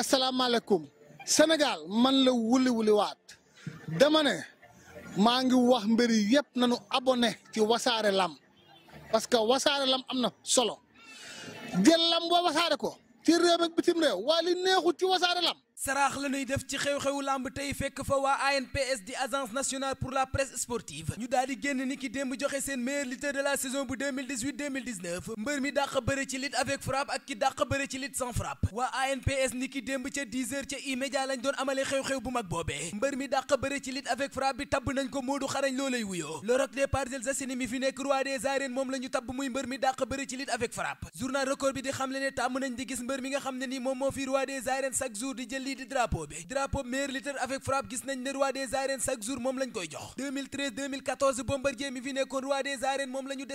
asalaamaaleykum Sénégal man la wuli wuli waat dama maa ngi wax mbir yëpp nañu abonné ci wasaare lam parce que wasaare lam am na solo jël lam boo wasaare ko ci réew ak bitim réew waa li neexut ci wasaare lam saraax la def ci xew-xewu lamb tey fekk fa waa ANPS di agence nationale pour la presse sportive ñu daal di génn ni ki démb joxe seen meilleur lutteur de la saison bu 2018 mbër mi dàq bëre ci lutte avec frappe ak ki dàq bëre ci lutte sans frappe waa ANPS ni ki démb ca 10 ca E-Media lañ doon amale xew-xew bu mag boobee mbër mi dàq bëre ci lutte avec frappe bi tabb nañ ko Modou xarañ loo lay wuyoo le Roc des Parcelles mi fi nekk roi des arènes moom la ñu muy lii di drapeau roi des arènes chaque jour moom lañ koy de la lutte ñu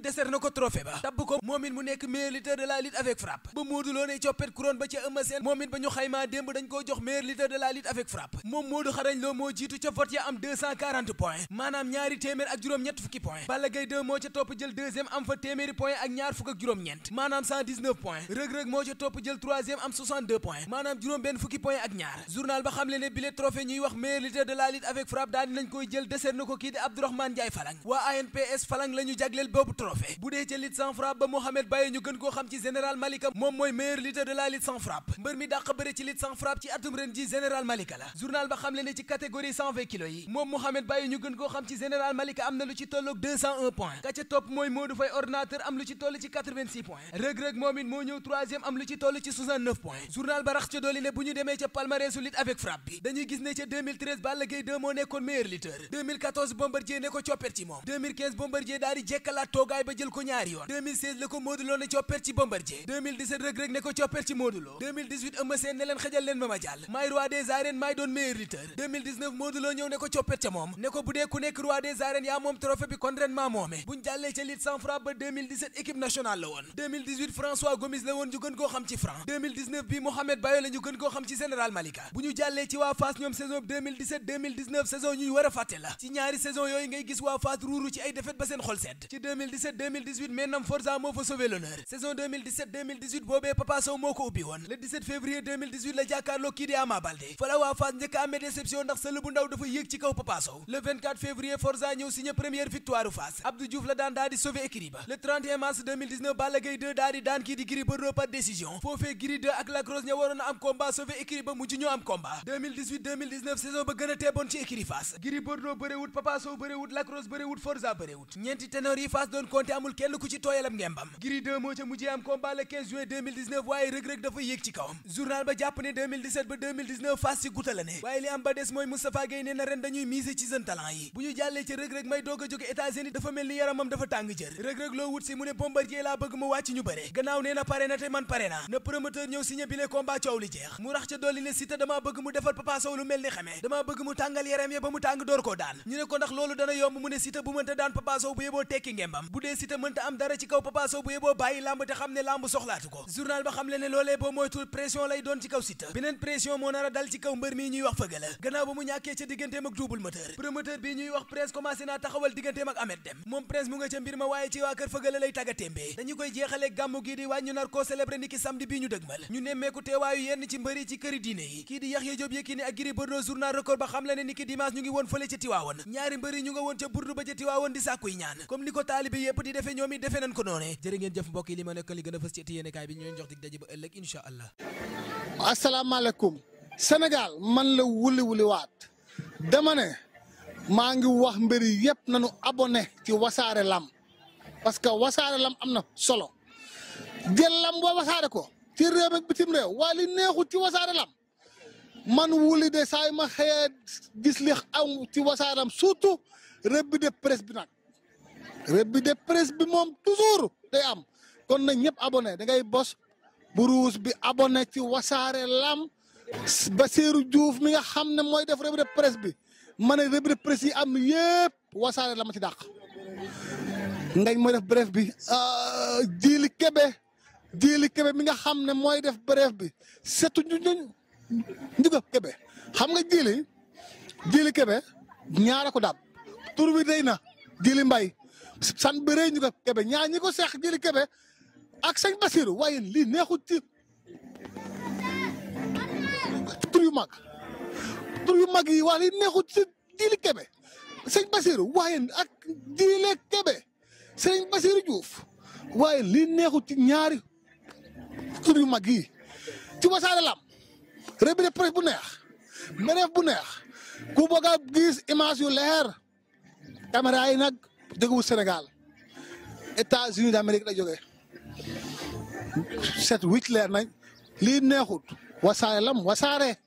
décerné ko trophée ba tabb ko moom mu nekk meilleur lutteur de la lutte avec frappe ba Modou ne coppet couronne ba ca Eumeu Sène moom ba ñu xaymaa démb dañ koo jox meilleur lutteur de la lutte avec frappe moom Modou xarañ Lo moo jiitu ca vote ya am 240 maanaam ñaari téeméer ak juróom ñett fukki points Balla Gaye 2 ca topp jël deuxième am fa téeméeri point ak ñaar fukki fukk maanaam 119 rëg-rëg moo ca topp jël am 62 maanaam juróom benn fukki point ak ñaar journal ba xamle ne bile trophée ñuy wax meilleur lutteur de la lutte avec frappe daal dinañ koy jël décerné ko kii di Abdourahmane Falang waa ANPS Falang la ñu jagleel trophée bu dee ca lutte sans frappe ba Mohamed Baye ñu gën koo xam ci général Malika moom mooy meilleur lutteur de la lutte sans frappe mbër mi dàq bëre ci lutte sans frappe ci atum ren ji général 86 points rëg-rëg moo ñëw troisième am lu ci toll ci 69 journal ba ca dooli ne bu ñu demee ca palmarèsu lutte avec frappe bi dañuy gis ne ca 2013 Balla Gaye moo nekkoon meilleur lutteur Bombardier ne ko coppet ci moom Bombardier daal jekkalaat toogaay ba jël ko ñaari yoon la ko Modou ne coppet ci Bombardier ne ko coppet ci Modou Lo 2018 Eumeu leen xajal ma jàll maay roi des arènes maay doon meilleur lutteur 2019 ñëw ne ko coppet ca moom ne ko bu national François Gomis la woon ñu gën koo xam ci franc bi Mohamed Bayo la gën koo xam ci général Malika bu ñu jàllee ci waa Fass ñoom saison 2017 ñuy war fàtte la ci ñaari saison yooyu ngay gis waa Fass ruuru ci ay défaite ba seen xol sedd ci 2017 Forza moo fa sauvé l'honneur saison boobee Papa moo ko ubbi woon le février la jàkkaarloo kii di Ama Baldé waa Fass njëkk a amee ndax sël bu ndaw dafa yéeg ci kaw Papa Sow février Forza ñëw 2019 Balla Gaye 2 daal daan kii di Gris Bordeaux par décision foofee Gris 2 ak Lac Rose ña waroon am combat sauvé écurie ba mujj ñoo am combat saison ba gën a teeboon ci écurie Fass Gris Bordeaux bëréwut Papa Sow bëréwut Rose bëréwut Forza bëréwut ñeenti ténor yi doon compté amul kenn ku ci tooyalam ngembam Gris 2 moo ca mujjee am combat le juin waaye rëg-rëg dafa yéeg ci kawam journal ba jàpp ne ba 2019 ci guta la ne waaye li am ba des mooy Moustapha laa bëgg mu wàcc ñu bëre gannaaw nee na pare na te man pare na na promoteur ñëw signé bi le coow li mu rax ca dolli ne Siteu damaa bëgg mu defal Papa Sow lu mel ni xamee damaa bëgg mu tàngal yaram ya ba mu tàng door koo daan ñu ne ko ndax loolu dana yomb mu ne Siteu bu mënta daan Papa Sow bu yeboo tekki ngembam bu dee Siteu mënta am dara ci kaw Papa bu yeboo bàyyi làmb te xam ne làmb soxlaatu ko journal ba xam le loolee boo moytul pression a dal ci kaw mbër mi ñuy wax fëgga la gannaaw ba mu ñàkkee bi ñuy wax prince commencé naa taxawal digganteem ak Ahmed waaye ci waa lay tàggatémbee dañu koy jeexale gàmmu gi di wàññu nar koo célébré ni ki samedi bi ñu dëgmal ñu nemmeeku teewaayu yenn ci mbëri ci këri diine yi kii di Yaxya Jóob Yékini ak Gris Bordeaux journal record ba xam le ne ni ki ñu ngi woon fële ca Tiwaawoon ñaari mbëri ñu nga woon ca burdu ba ca Tiwaawoon di sàkkuy ñaan comme ni ko taalibe yépp di defe ñoom it defe nañ ko noone jërë jëf mbokk yi nekk li gën a fës ci ëtti yéenekaay bi ñu leen jox daje ba la wuli wuli waat maa ngi wax mbir yëpp nañu abonné ci wasaare lam parce que wasaare lam am na solo jël lam boo wasaare ko ci réew ak bitim réew waa li ci wasaare lam man wuli de saa yi ma xëyee gis am ci wasaare lam surtout revue de presse bi nag revue de presse bi moom toujours day am kon nañ ñëpp abonné da ngay bos buruus bi abonné ci wasaare lam Bassirou Diouf mi nga xam ne mooy def revue de presse bi ma ne de presse yi am yëpp wasaare lam a ci dàq ngañ mooy def bref bi jiili kebe jiili kebe mi nga xam ne mooy def bref bi setu ñu ñu njuga kebe xam nga jiili jiili kebe ñaara ko daal tur wi day na jiili mbay san bëree njuga kebe ñaar ñi ko seex jiili kebe ak sëñ Basiru waaye li neexut ci tur yu mag tur yu mag yi wax lii ci jiili kebe sëñ Basiru waaye ak jiile kebe Serigne Bassirou Diouf waaye li neexu ci ñaari tur yu mag yi ci Wassare lam revue de presse bu neex mereef bu neex ku bëgg gis image yu leer caméra yi nag jógewul Sénégal États-Unis d'Amérique la jógee set wicc leer nañ lii neexut Wassare Lamb wasare